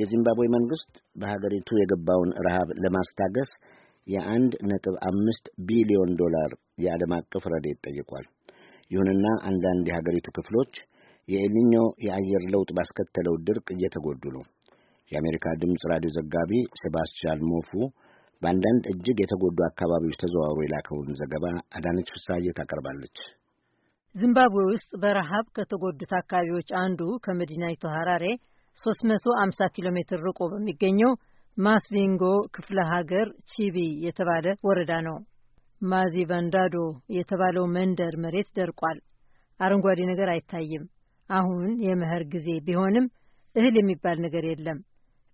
የዚምባብዌ መንግስት በሀገሪቱ የገባውን ረሃብ ለማስታገስ የአንድ ነጥብ አምስት ቢሊዮን ዶላር የዓለም አቀፍ ረዴት ጠይቋል። ይሁንና አንዳንድ የሀገሪቱ ክፍሎች የኤልኒኞ የአየር ለውጥ ባስከተለው ድርቅ እየተጎዱ ነው። የአሜሪካ ድምፅ ራዲዮ ዘጋቢ ሴባስቲያን ሞፉ በአንዳንድ እጅግ የተጎዱ አካባቢዎች ተዘዋውሮ የላከውን ዘገባ አዳነች ፍሳዬ ታቀርባለች። ዚምባብዌ ውስጥ በረሃብ ከተጎዱት አካባቢዎች አንዱ ከመዲናይቱ ሀራሬ 350 ኪሎ ሜትር ርቆ በሚገኘው ማስቪንጎ ክፍለ ሀገር ቺቢ የተባለ ወረዳ ነው። ማዚ ቫንዳዶ የተባለው መንደር መሬት ደርቋል። አረንጓዴ ነገር አይታይም። አሁን የመኸር ጊዜ ቢሆንም እህል የሚባል ነገር የለም።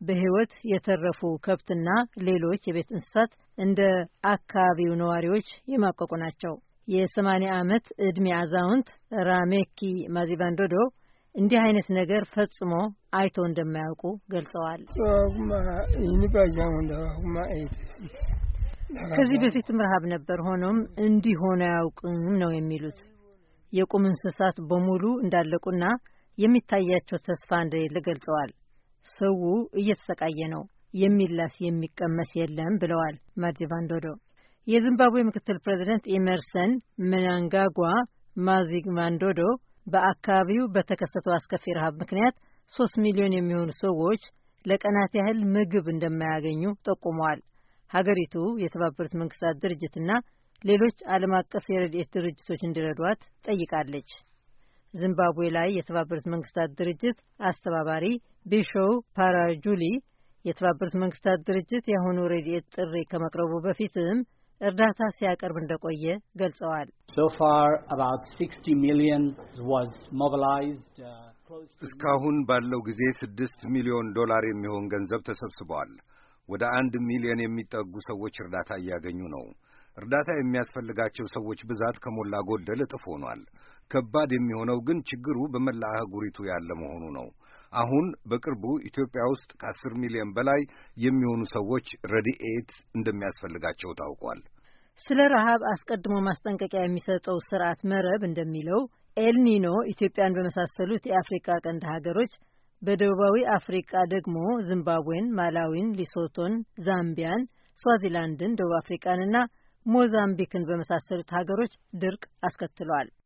በሕይወት የተረፉ ከብትና ሌሎች የቤት እንስሳት እንደ አካባቢው ነዋሪዎች የማቀቁ ናቸው። የሰማኒያ ዓመት ዕድሜ አዛውንት ራሜኪ ማዚቫንዶዶ እንዲህ አይነት ነገር ፈጽሞ አይቶ እንደማያውቁ ገልጸዋል። ከዚህ በፊትም ረሃብ ነበር፣ ሆኖም እንዲህ ሆነ አያውቅም ነው የሚሉት። የቁም እንስሳት በሙሉ እንዳለቁና የሚታያቸው ተስፋ እንደሌለ ገልጸዋል። ሰው እየተሰቃየ ነው፣ የሚላስ የሚቀመስ የለም ብለዋል ማዲቫንዶዶ። የዚምባብዌ ምክትል ፕሬዚደንት ኢመርሰን ምናንጋጓ ማዚግቫንዶዶ በአካባቢው በተከሰተው አስከፊ ረሃብ ምክንያት ሶስት ሚሊዮን የሚሆኑ ሰዎች ለቀናት ያህል ምግብ እንደማያገኙ ጠቁመዋል። ሀገሪቱ የተባበሩት መንግስታት ድርጅትና ሌሎች ዓለም አቀፍ የረድኤት ድርጅቶች እንዲረዷት ጠይቃለች። ዚምባብዌ ላይ የተባበሩት መንግስታት ድርጅት አስተባባሪ ቢሾው ፓራጁሊ የተባበሩት መንግስታት ድርጅት የአሁኑ ረድኤት ጥሪ ከመቅረቡ በፊትም እርዳታ ሲያቀርብ እንደቆየ ገልጸዋል። uh, እስካሁን ባለው ጊዜ ስድስት ሚሊዮን ዶላር የሚሆን ገንዘብ ተሰብስበዋል። ወደ አንድ ሚሊዮን የሚጠጉ ሰዎች እርዳታ እያገኙ ነው። እርዳታ የሚያስፈልጋቸው ሰዎች ብዛት ከሞላ ጎደል እጥፍ ሆኗል። ከባድ የሚሆነው ግን ችግሩ በመላ አህጉሪቱ ያለ መሆኑ ነው። አሁን በቅርቡ ኢትዮጵያ ውስጥ ከአስር ሚሊዮን በላይ የሚሆኑ ሰዎች ረድኤት እንደሚያስፈልጋቸው ታውቋል። ስለ ረሃብ አስቀድሞ ማስጠንቀቂያ የሚሰጠው ስርዓት መረብ እንደሚለው ኤልኒኖ ኢትዮጵያን በመሳሰሉት የአፍሪካ ቀንድ ሀገሮች በደቡባዊ አፍሪካ ደግሞ ዚምባብዌን፣ ማላዊን፣ ሊሶቶን፣ ዛምቢያን፣ ስዋዚላንድን፣ ደቡብ አፍሪቃንና ሞዛምቢክን በመሳሰሉት ሀገሮች ድርቅ አስከትሏል።